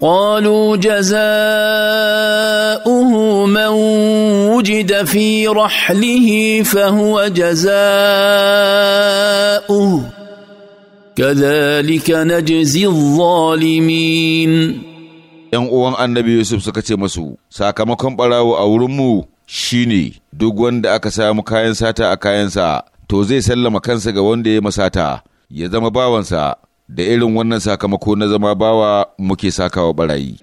قالوا جزاؤه من وجد في رحله فهو جزاؤه كذلك نجزي الظالمين ‘Yan uwan annabi Yusuf suka ce masu, Sakamakon ɓarawo a wurinmu shi ne, duk wanda aka samu kayan sata a kayansa, to zai sallama kansa ga wanda ya masata, ya zama bawansa. da irin wannan sakamako na zama bawa muke sakawa barayi.